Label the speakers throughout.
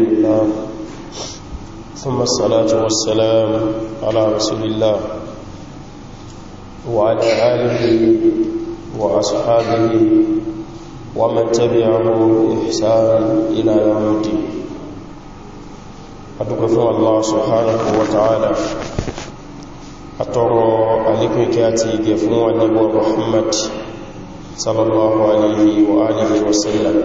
Speaker 1: لله ثم الصلاة والسلام على رسول الله وعلى آله وأصحابه ومن تبعه إحسان إلى يوم الدين أدقفوا الله سبحانه وتعالى أترى عليكم كاتي قفوا النبو محمد صلى الله عليه وآله وسلم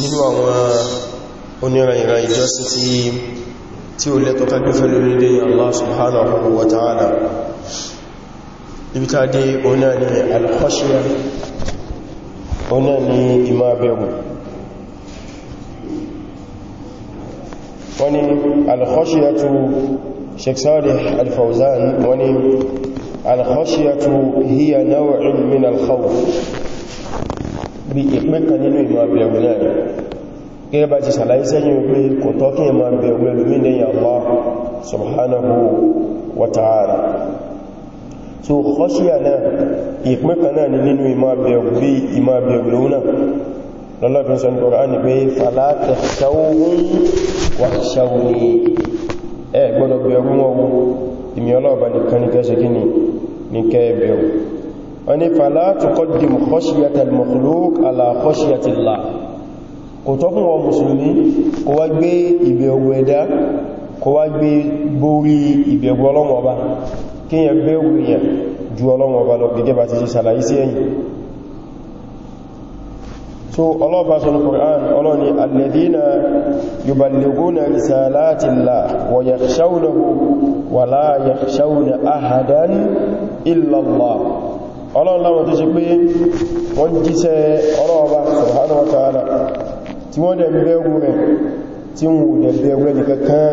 Speaker 1: nínú àwọn oníranìra ìjọsìn tí tí ó lẹ́tọ̀ lórí lórílẹ̀ Allah subhanahu wa ta'ala ibi ta dé ọ̀nà ni al ọ̀nà ni ìmábẹ̀rù wani al-khashya tu Shaykh Saalih wani al-khashyatu hiya naw'un min al bí ìpín kan nínú ìmọ̀ abẹ̀rù náà gẹ́gẹ́ bá ti sàlàyé sẹ́yìn pé kò tọ́ kí ìmọ̀ abẹ̀rù ẹlùmí lẹ́yìn Allah subhanahu wa ta'ala so khashiya náà ìpín kan náà ni nínú ìmọ̀ abẹ̀rù bí ìmọ̀ abẹ̀rù lónà lọ́lọ́fin wọ́n ní fàlá tuqaddim khashyatal makhluq ala khashyatillah kò tọ́ fún wọn mùsùlùmí kò wá gbé ìbẹ̀wò ẹ̀dá kò wá gbé borí ìbẹ̀wò Ọlọ́run Ọba kí yẹn bẹ̀wò yẹn ju Ọlọ́run Ọba lọ gẹ́gẹ́ bá ti ọlọ́run láwọn tó ṣe pé wọ́n jíṣẹ́ ọlọ́ọba subhanahu wa ta'ala tí wọ́n dẹ̀ bẹ̀rù rẹ̀ tí wọ́n dẹ̀ bẹ̀rù rẹ̀ nìkankan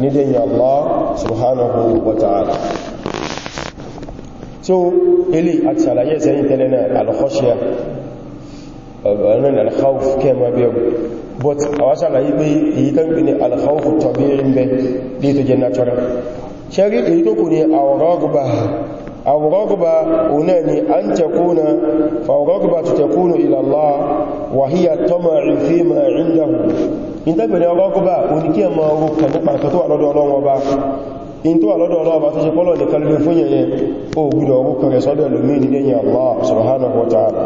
Speaker 1: ní dẹ̀yìn Allah subhanahu so ilé àti àlàyé ìsẹ́yìn tẹ́lẹ̀ náà al-khashya ọ̀rọ̀n al but àwọn sàlàyé pé èyí tán pè ní al-khawf tabi'i ń bẹ lè tó jẹ ṣe rí èyí tó kù ní àwọ̀rọ̀ ọgbà الرغبة أناني أن تكون فالرغبة تكون إلى الله وهي الطمع فيما عنده إن تبني الرغبة ونكي ما أروك نقع كتوى لدو الله وبا in tó àlọ́dọ̀ ọlọ́ọ̀bá tó ṣe pọ́lọ̀ ní kalibin fún yẹ̀yẹ ó gúdọ̀ orúkọ rẹ̀ sọ́dọ̀ lómi ní lẹ́yìn Allah subhanahu wa ta'ala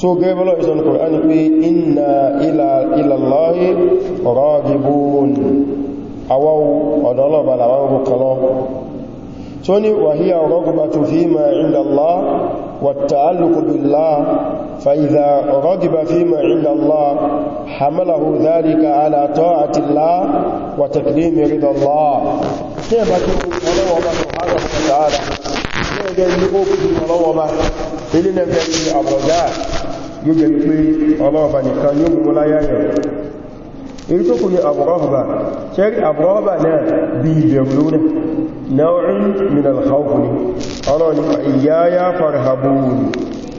Speaker 1: so gẹ́bọ́lọ̀ ìsọ́nù àwọn ọ̀dọ̀ ọlọ́bà làwọn ọgbọ̀n kan tó ní wàhíyà rọ́gbàtù fi ma ìlàlá wàtàálùkù bìlá fàìdà rọ́gbà fi ma ìlàlá hamalahu zárika alàtọ́ àtìlá wàtàkìlì mẹ́rìnlá tí ẹ bá tó ọlọ́wọ́ bá tó hàrọ̀ tààrà tí ẹ gẹ́ yóò jẹ́ pé ọlọ́wọ́ nìkan yóò mú láyáyàn in tó kù ní àbúrọ́hùbà ṣẹ́rí àbúrọ́hùbà náà bí ìbẹ̀rù lónà náwọ̀n min al-khawf ni ọlọ́ni ìyáyá farhabun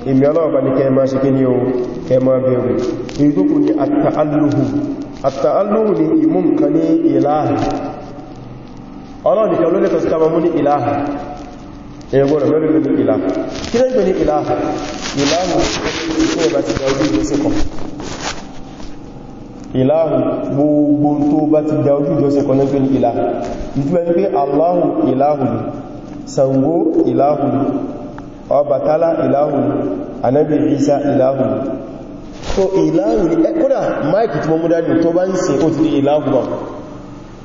Speaker 1: ìmì ọlọ́ọ̀bá ní kẹ máa ṣikí ní o kẹ máa bẹ̀rù in tó kù ní àtàlùhù àtàlùhù ni ìmú nǹkan ní ìlàhà ìláhùn gbogbo tó bá ti dá ojú ìjọsìn kan náà pé ní ìláhùn ìtúwẹ́ ní pé aláhùn ìláhùn Ṣàngó ìláhùn Ọbàtálá ìláhùn anábì Ìsá ìláhùn tó ìláhùn ní ẹkúrà mike tí wọ́n mú dájú tó bá ń sin ó ti di ìláhùn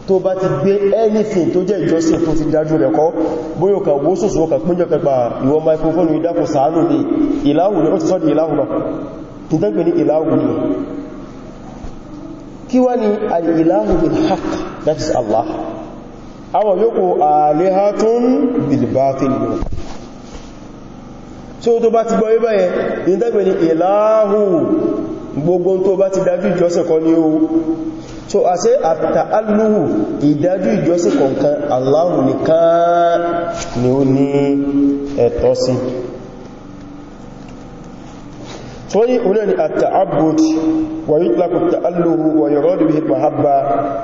Speaker 1: tó bá ti gbé anything tó jẹ́ ìjọsìn tó ti dájú rẹ̀ kọ́ bóyọ̀ kan wó sòsò ọkà pínjọ kẹgbà ìwọ microphone ìdákùn sàánù ní ìláhùn ní ó ti sọ́ kí wá ní al'ilahu bilhaq that is Allah àwọn yòókù alihatun bilbatil yóò so tó bá ti gbọ́ ibá yẹn ìdágbẹ̀ ni ìláhù gbogbo tó bá ti dájú ìjọsìn kan ní o so a ṣe àtàálùhù ìdájú ìjọsìn kọ̀ọ̀kan Allahu nìkan ni ó ní ẹ̀tọ́ صي هنا التعبد ويطلق التأله ويراد به المحبة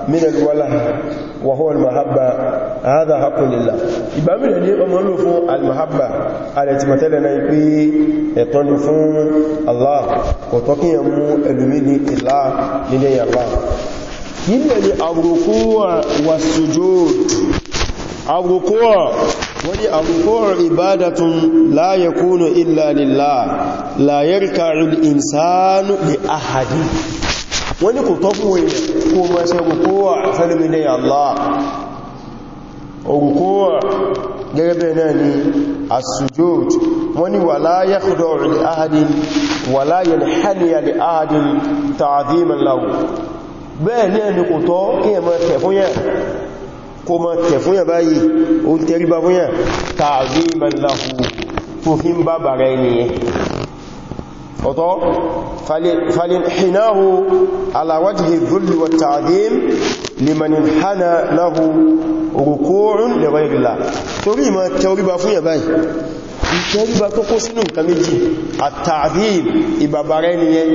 Speaker 1: من الوله وهو المحبة هذا حق لله يبقى من هنا يقول فون المحبة التي مثلنا يقول يطن فون الله وتوكي يمو ألمني الله لدي الله يبقى لأبركوة والسجود أبركوة wani alfuwar ibadatun la ya kuno illa lillah la yarka'ul insanu li ahadi wani kò tọ́ fún wọ́n kó ma ṣe rukowa fẹ́lẹ̀mí lẹ́yà Allah rukowa gẹ́gẹ́bẹ̀ náà ni asujot wani wàlá bẹ́ẹ̀ ní ẹni kò tọ́ kí ẹ ma fún yẹn kó ma tẹ̀ fún yàn báyìí o ń tẹ́rí bá fún yàn tààzí ìmọ̀láhù tó fi ń bá bàrẹ ènìyàn ọ̀tọ́ falìhìnáhù aláwájìhì zulli wa ta'zim limanin hana lahu ruku'un li ghayrillah torí ma tẹ́ríba fún yàn báyìí ìtẹ́ríba tó kó sínú nǹkan méjì àtàdìm ìbàbàrẹ nìyẹn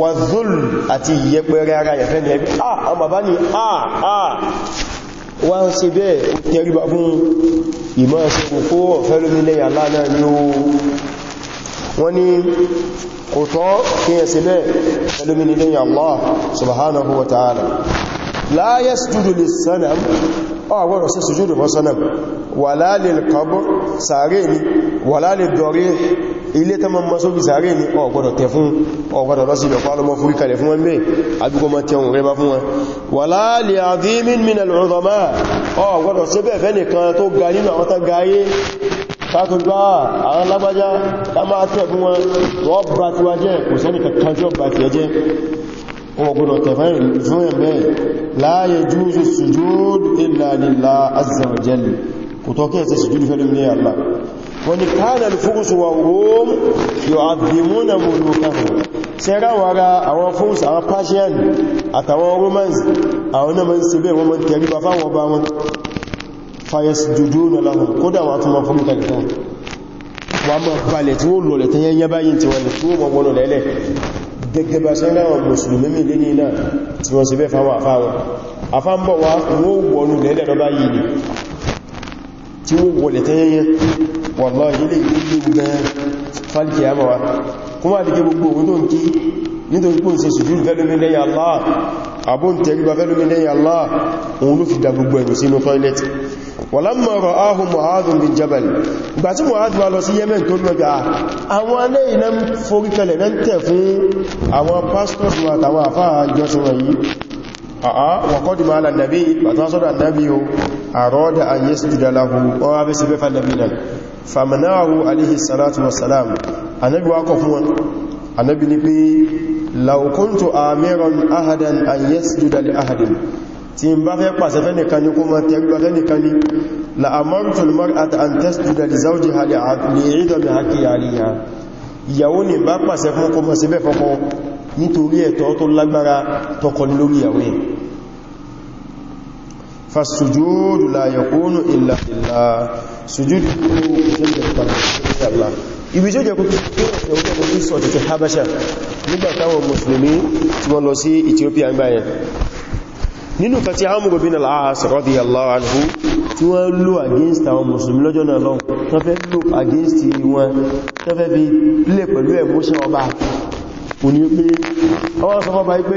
Speaker 1: wà zul àti ìyẹpẹrẹ ara yẹ̀fẹ́ ah, ni ẹgbẹ́ ah ọmọ bá ní ah ah wá ń ṣe bẹ́ẹ̀ ó tẹríba fún ìmọ̀ ṣe kòkó ọ̀fẹ́lómílẹ̀ Allah náà ni ó wọ́n ní kò tọ́ kí yẹ sí bẹ́ẹ̀ ẹlómílẹ̀ Allah subhanahu wa ta'ala la yasjudu lis-sanam ọgbọ́rọ̀ sí sujudu ilé tán máa sóbi sàárè ní ọ̀gbọ́dọ̀ tẹ̀ fún ọ̀gbọ́dọ̀ lọ sí ìbẹ̀ pálọmọ fúrí kalẹ̀ fún wọn mẹ́ àbíkọ mọ́ tẹun rẹ bá fún wọn wala li adhimin min al-udama ọ̀gbọ́dọ̀ síbẹ̀ fẹ́ nìkan tó ga nínú àwọn tán gáyé kákùngbà àwọn lágbájá ká máa tẹ̀ fún wọn wọ́n bá wani kanal fúrùsù wa rome yóò àbìmúnà mọ̀lúkàrù sai ráwara àwọn fúrùsù àwọn persian àtàwọn romans àwọn náà mọ́n síbẹ̀ wọn mọ́n tẹ̀rí bá fáwọn na láhùn kódà wà tún mọ́ fúrùkà gẹ̀ẹ́ wà mọ́ balẹ̀ tí ó lọlẹ̀ tẹ́ yẹn yábáyìn tí wọ́n tí ó mọ́ wọ́n lẹ́lẹ̀ gẹ́gẹ́ bá ṣe ráwọn mùsùlùmí mi lé ní iná tí wọ́n sì bẹ́ fáwọn àfáwọn afáǹbọ̀ wọ́n wọ́n lẹ́lẹ̀ lọ́bá yìí tí ó wọ́lẹ̀ tẹ́yẹyẹ wallahi ilé ìlú gan fálìkì àmàwà kúmà dìkẹ́ gbogbo ohun tó ń kí nítorí pé ń ṣe sùjú fẹ́lómi lẹ́yìn Allah àbó ń tẹríba fẹ́lómi lẹ́yìn Allah òun ló fi dá gbogbo ẹ̀rù sínú tọ́ilẹ̀tì walamma ra'ahu Mu'adhun bin Jabal ìgbà tí Mu'adh wá lọ sí Yemen tó lọ́gbà àwọn alẹ́ iná foríkẹlẹ̀ náà tẹ̀ fún àwọn pastors wọn àtàwọn àfáà jọsùn wọ̀n yìí àá wọ̀kọ́dìmọ̀ alàdàbí pàtàkì sọ́dọ̀ àdàbí o àrọ́dà ayé sí ìdàláhù ọwá bẹ́sẹ̀ bẹ́fà náà fàmànáwò aléhì salatu wasalam anábi wá kọ̀ fún wọn anábi ni pé laukuntu amiran ahadan an yasjuda li ahadin tí n bá fẹ́ pàṣẹ fẹ́nìkan ní kó ma tẹ́rígbà fẹ́nìkan ní la'amartul mar'ata an tasjuda li zawjiha li'idami haqqi yariha ìyàwó ni bá sujúdù ibi tí ó jẹ́ kúrò ọ̀pọ̀ tí sọ̀tẹ̀ ti habasha nígbàtàwọn mùsùlùmí tí wọ́n lọ sí ethiopia ń báyẹn nínú kan tí Amru bin al-As radiyallahu anhu tí wọ́n lò against àwọn mùsùlùmí lọ́jọ́ náà lọ́wọ́ tán fẹ́ lò against wọn tán fẹ́ fi lè pẹ̀lú ẹ̀mọ́ṣẹ́ ọba òní pé ọwọ́ sọ fọ́ba pé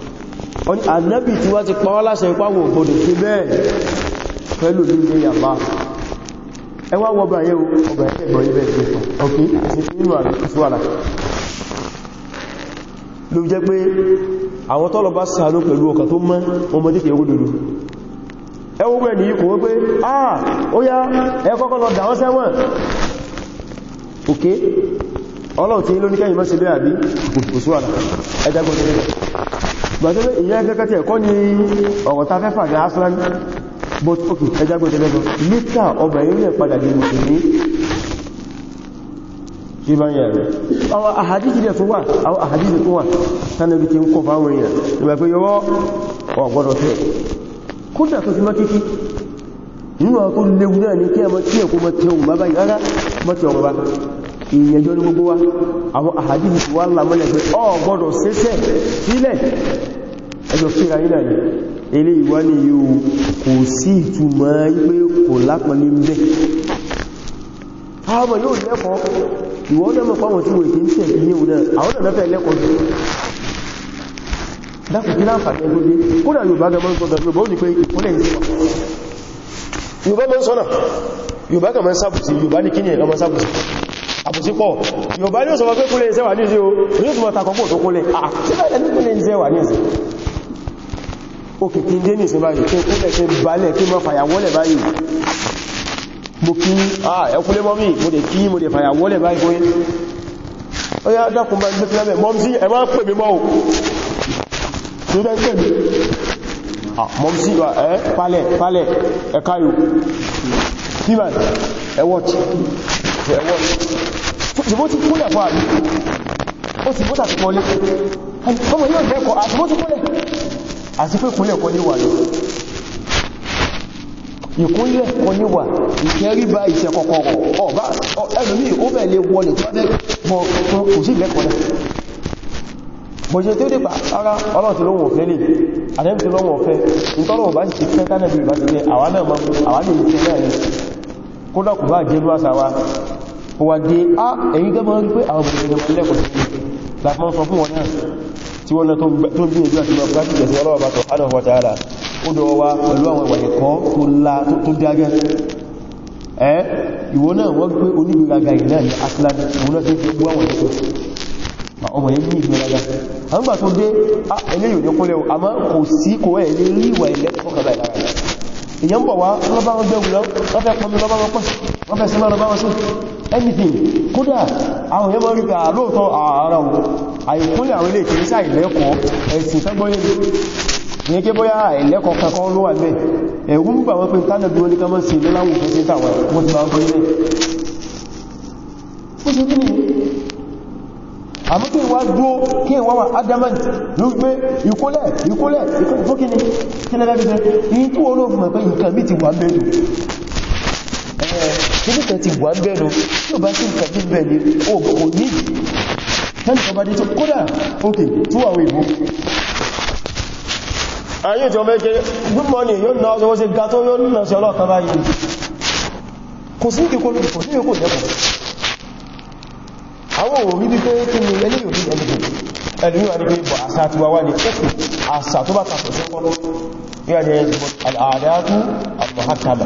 Speaker 1: ànábì tí wá ti pa wá láṣẹ ipáwò òbòdò fi bẹ́ẹ̀ pẹ̀lú lílé yàbá ẹwà wọ́bà yẹ́ ọgbà ẹgbẹ̀rẹ̀ ibẹ̀ ìgbẹ̀fẹ̀ ọkí sí fi nínú àṣíwàlá ló jẹ́ pé àwọn tọ́lọ bá sàánú pẹ̀lú ọkà tó mọ́ ọmọ tí kìí rúdùdù ẹwọ́ bẹ̀ ní ikò wọ́n pé ah ó yá ẹ kọ́kọ́ lọ dà wọ́n sẹ́wọ̀n òkè ọlọ́run tí ló ní kẹ́yìn mọ́ sí bẹ́ àbí òṣùwàlá ẹjagbọ́n gbàtẹ́ ìyẹn kẹ́kẹ́ tí ẹ̀kọ́ ni ọ̀rọ̀ ta fẹ́fà ní aslan but ok ẹjagbó tẹ́lẹ́gbọ́ lítà ọbẹ̀rin rẹ̀ padà di mùsùlùmí ṣe bá ń yà rẹ̀ àwọn àhàdìsì rẹ̀ tó wà àwọn àhàdìsì tó wà tánàbí ti ń kọ fáwọn èèyàn ìgbà pé yọwọ́ ọ̀gbọ́dọ̀ tẹ́ kódà tó fi mọ́kíkí nínú ìyẹjọ́ ní gbogbo wa àwọn àhàdìsì ti wá ńlá mọ́lẹ̀ pé ọ gbọ́dọ̀ sẹ́sẹ̀ sílẹ̀ ẹjọ́ kíra yìí náà ilé ìwá ni yóò kò sí ìtumọ̀ ipé kò lápọ̀ ní bẹ́ àwọn yóò lẹ́kọ̀ọ́ ìwọ́n dẹ́mọ̀ fáwọn tí wọ́n èké ń tẹ̀ ní ìwọ̀n náà àwọn ọ̀nà fẹ́ lẹ́kọ̀ọ́ jù dákùn kí láǹfààní sọ́nà Yorùbá kà mọ́ ń sábùsí Yorùbá ní kíni ẹ̀lọ́mọ́ sábùsí àbòsípọ̀ Yorùbá ní òsọ̀mọ̀ pé kúlẹ̀ ìṣẹ́wà ní ìṣẹ́ o yóò túnmọ̀ takọ̀pọ̀ tó kúlẹ̀ àtíbẹ̀lẹ̀ ní kúlẹ̀ ìṣẹ́wà ní ìṣẹ́ òkè kí n dé ní ìṣẹ́ báyìí kí n kúlẹ̀ kí n balẹ̀ kí n mọ́ fàyàwọ́lẹ̀ báyìí mo kí ah, ẹkúlé mọ́mí mo dẹ̀ kí mo dẹ̀ fàyàwọ́lẹ̀ báyìí bóyí ó yá dákùn bá gbé fílẹ̀ mọ́mí ẹ máa pè mí mọ́ o tí ó bẹ́ pè mí ah, mọ́mí wà ẹ̀wọ́ ṣùgbọ́n ti kúnlẹ̀ fún àrí ó ti bóta ti kọ kọ kọkọrọ ọba ẹlòmí ó bẹ̀ lè wọlé tó bẹ́ mọ kò sí lẹ́kọ̀ọ́ náà bọ̀jẹ̀ tó dípa ara ọlọ́run ti lè lọ́wọ́ fẹ́ bá ó wá dé á ẹ̀yìn gẹ́mọ́ rí pé àwọn ọmọdé gẹ́mọ́ lẹ́kọ̀ọ́ láti wọ́n sọ fún wọn náà tí wọ́n tó gbìyànjú àti lọ bá jùjẹ̀ sí ọlọ́wọ́ bá sọ hánà wọ́n tààrà ó dọ̀ wá pẹ̀lú àwọn ìwà ẹ̀kọ́ tó lá tó dágẹ́ ẹ́ ìwọ náà wọ́n gbé onígbèraga ìlà ní aslan òun náà tó fi gbọ́ àwọn ẹ̀kọ́ ọmọ yẹn ní ìgbèraga àwọn gbà tó dé ah, eléyìí ò ní kúnlẹ̀ àmọ́ kò sí kò ẹ̀ lé rí ìwà ẹ̀lẹ́kọ̀ọ́ kàbà ìlànà èèyàn bọ̀ wá lọ́bá wọn bẹ̀rù lọ́fẹ́ pọ̀mí lọ́bá wọn pọ̀ wọ́n fẹ́ sí mọ́ lọ́bá wọn sí anything kódà àwọn èèyàn mọ́rí pé àlóòtọ́ ara wọn àìkúnlẹ̀ àwọn ilé ìtìrísà ìlẹ́kọ̀ọ́ ẹ̀sìn sẹ́gbọ́yé ní kí bóyá ìlẹ́kọ̀ọ́ kankan ló wà bẹ́ẹ̀ ẹ̀rù ń bà wọ́n pé tánàbí wọn ní ká mọ́ sí ilé láwọn òfin sí tàwọn wọ́n ti máa ń kọ́ ilé àmọ́ kí wá dúó kí wá wà adamant ló gbé ìkólẹ̀ ìkólẹ̀ ìkólẹ̀ fókíní kí lẹ́gbẹ̀ẹ́ kíní kan ti wà bẹ̀rù tí ó bá sí nǹkan tí bẹ̀rẹ̀ òkò ní tẹ́lì kan bá dé tó kódà òkè tó wà wé ìbò ayé ìjọ mẹ́jẹ good morning yóò náà ṣe wọ́n ṣe ga tó yóò náà ṣe ọlọ́ọ̀kan báyìí kò sí ìkò kò sí ìkò lẹ́kọ̀ àwọn òwò rí pé kí ni ẹni yóò rí ẹni bò ẹlùmí wà ní pé bọ̀ àṣà àti wàwà ní ẹkù àṣà tó bá tàkọ̀ sí ọkọ̀ yóò jẹ́ àdáyàtú àmàhàkàmà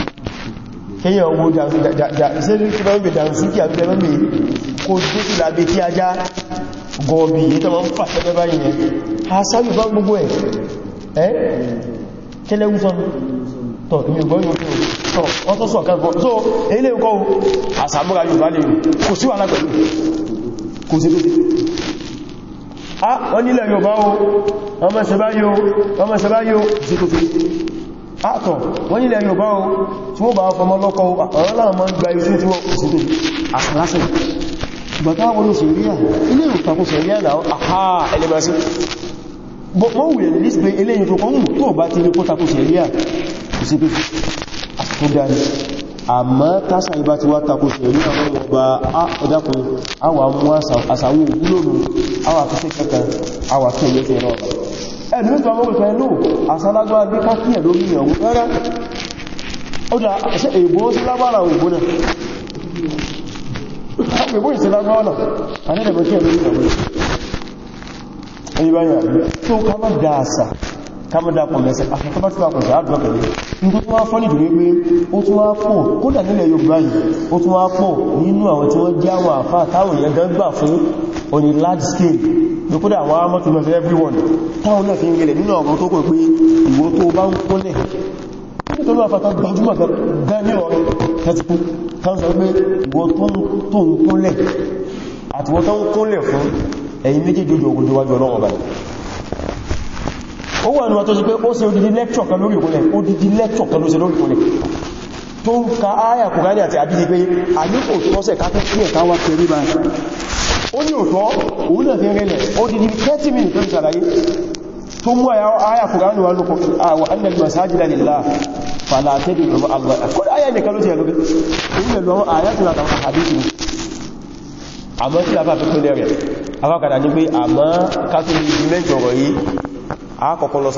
Speaker 1: kíyàn owó jàǹsíkì àbíjẹ́ mẹ́mẹ́ kó tó sí lábé tí ajá gọ̀ọ̀bì yìí tọ́wọ́ ń fàṣẹ mẹ́bá yìí ha sáàbì fún gbogbo ẹ̀ ẹ́ kẹ́lẹ́wú fún tọ́ ìmì ìgbọ́n yóò tọ́ wọ́n tó sọ̀kan gọ́ so ilé ìkọ́ àsàmúra yóò bá lè kò sí wà lápẹ̀lú ah wọ́n nílẹ̀ yóò bá o ọmọ ìṣẹ́bá àtọ̀ wọ́n nílẹ̀ Yorùbá o tí wọ́n bá fọmọ lọ́kọ ọ̀rọ̀ láwọn mọ́ gba iṣẹ́ tí wọ́n sì tó àkàlásẹ̀ ìgbàtà wọn ló sẹ̀ríà ilé ìtàkùn sẹ̀ríà láwọ́ àhá ẹlẹ́bàṣẹ́ mọ́ wùlẹ̀ nígbé eléyìn tó kọ́nù tó bá ti lè kó takùn sẹ̀ríà ìsìnkú àtìkú dáni àmọ́ tásà ibá ti wá takùn sẹ̀ríà wọ́n wọ́n bá ọdákùn ah, àwà mú ẹ̀lúmítọ̀ ọmọ pẹ̀lú ẹ̀lú àsálágbà ní kákíyẹ̀ lórí ìyàwó rárá ó dá ṣe èbó sí lágbàrà ògbó náà èbó ìsì lágbàrà náà a ní ẹ̀bọ̀ kíyẹ̀ lórí ìyàwó ẹ̀yí báyìí tó ká má dá àṣà ká má dá pọ̀lẹ́sẹ̀ àfẹ́kọ́ bá tí wà pọ̀lẹ́sẹ̀ àdúrà pẹ̀lú nígbó tó wá fọ́ nìdúrí pé ó tún wá pọ̀ kódà nílẹ̀ Yorùbá yìí ó tún wá pọ̀ nínú on a large scale lókódà àwọn amọ́tùmọ̀ for everyone táwọn náà fi ń gẹlẹ̀ nínú àwọn tó kò pé ìwò tó bá ń kúnlẹ̀ nítorí àfàtà gbajúmọ̀ gani ọ̀rẹ́ tẹ́tìkú tán sọ pé ìwò tó ń kúnlẹ̀ àti wọ́n tó ń kúnlẹ̀ fún ẹ̀yìn méjì jòjò ogun tó wájú ọlọ́wọ́ báyìí ó wà nínú àtọ́sí pé ó ṣe odidi lẹ́kṣọ̀ kan lórí ìkúnlẹ̀ odidi lẹ́kṣọ̀ kan ló ṣe onye ụtọ òtọ́ òun náà fi rẹ̀lẹ̀ ó di ní 30 minutes tó ṣàlàyé a mú àyà kùránù wọn lókò àwọn annal masajida lillah fala tad'u ma'a Allah kó dáyà ní kan ló ti ẹ̀ lókè òun lè lọ àyà tó látàwọn àdíkì ni àmọ́ sí àbá tó pínlẹ̀ rẹ̀ ya ní pé àmọ́ kátólì mẹ́jọ rọ̀ yìí lọ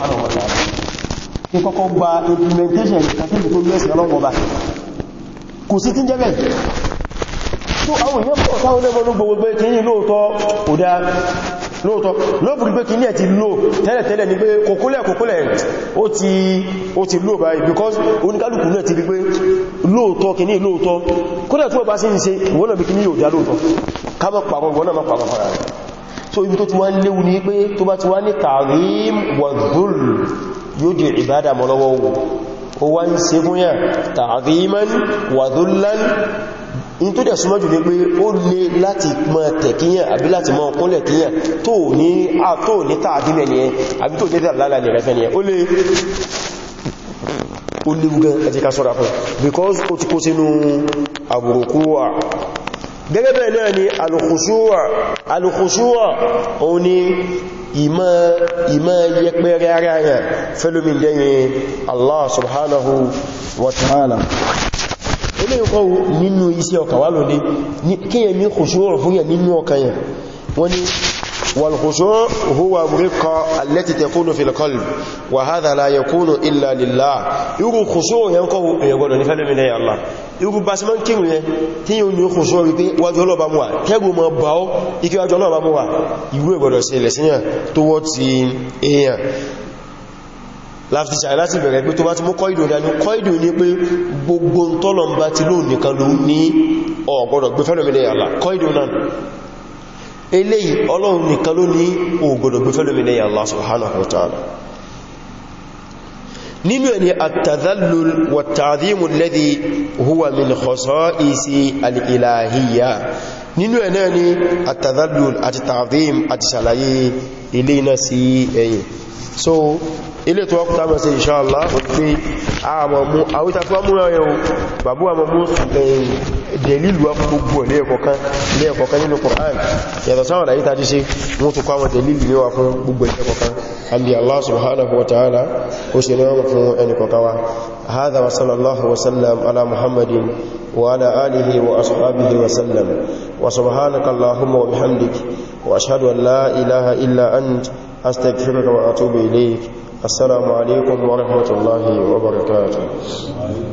Speaker 1: sọ́dọ̀ kí kọ́kọ́ gba implementation kàtẹ́lì tó lẹ́sì ọlọ́wọ́ bá kò sí tí ń jẹ́bẹ̀ tó àwọn èèyàn pọ̀ táwọn lẹ́mọ́ ló gbogbo pé kí ní lóòtọ́ òdá lóòtọ́ lọ́bùrú pé kí ní ẹ̀ ti lò tẹ́lẹ̀tẹ́lẹ̀ ní pé kòkólẹ̀ kòkólẹ̀ ó ti lò báyìí because oníkálùkù náà ti rí pé lóòtọ́ kì ní lóòtọ́ kódẹ̀ tó bá sí ń ṣe ìwọ́n náà bí kí ní yóò dá lóòtọ́ ká mọ́ pàrọ̀ ìwọ́n náà mọ́ pàrọ̀ fara rẹ̀ so ibi tó ti wá ń léwu ní pé tó bá ti wá ní tààrí wọ̀dúrù yóò di ìbádà mọ́ lọ́wọ́ wò ó wá ń ṣe fún yàn ta'ziman wa dhullan in tó dẹ̀ súnmọ́jù ní pé ó lè láti mọ́ tẹ̀kíyàn àbí láti mọ́ kúnlẹ̀ kíyàn tó ní àtò ní tààdínẹ̀ ni ẹ àbí tó ni ẹ ó lè ó lè gúgán because ó ti kó sínú gẹ́gẹ́ bẹ́ẹ̀ náà ni alùkùsúwà alùkùsúwà òun ni ìmọ̀ ìmọ̀ yẹpẹrẹ ara yẹn fẹ́lómi dẹ́yìn Allah subhanahu wa ta'ala ilé ìkọ́ nínú iṣẹ́ ọkà wà lóní kíyẹ̀ ní kùsúwà fún yẹ nínú ọkà yẹn wọ́n ni والخشوع هو الرقة التي تكون في القلب وهذا لا يكون إلا لله يقول خشوع ينقو يقول نفعل من أي الله يقول بس من كم تيون يخشوع وجلو بموا تيقو ما باو يكي وجلو بموا يقول يقول سيلة سيلة توتي إيه láti ṣàrí láti bẹ̀rẹ̀ pé tó bá ti mú kọ́ìdò ìdánú kọ́ìdò ní pé gbogbo tọ́lọ̀ ń bá ti lóò nìkan ló ní ọ̀gbọ́dọ̀ gbé fẹ́lòmìnà yàlá kọ́ìdò náà eléyìí ọlọ́run nìkan ló ní ògbòdò gbé fẹ́lómi lẹ́yìn Allah subhanahu wa ta'ala nínú ẹni at-tadhallul wa at-ta'dhimu alladhi huwa min khasa'isi al-ilahiyya nínú ẹ̀nà ni at àti ta'dhim àti ṣàlàyé ilé iná sí ẹ̀yìn so ilé tó wọ́pùtà mọ̀ sí insha Allah wọ́n pé àwọn àwítàfà múra yẹn bàbú dẹ̀lìlù gbogbo lẹ́ẹ̀kọ̀kan nínú Qur'an yàtọ̀ sáwọn àyíta ti ṣe wọ́n tó kọ́ àwọn dẹ̀lìlù lẹ́wà fún gbogbo lẹ́ẹ̀kọ̀kan àbí Allah subhanahu wa ta'ala ó ṣe lọ́wọ́ هذا وصلى الله وسلم على محمد وعلى آله وأصحابه وسلم وسبحانك اللهم وبحمدك وأشهد أن لا إله إلا أنت أستغفرك وأتوب إليك السلام عليكم ورحمة الله وبركاته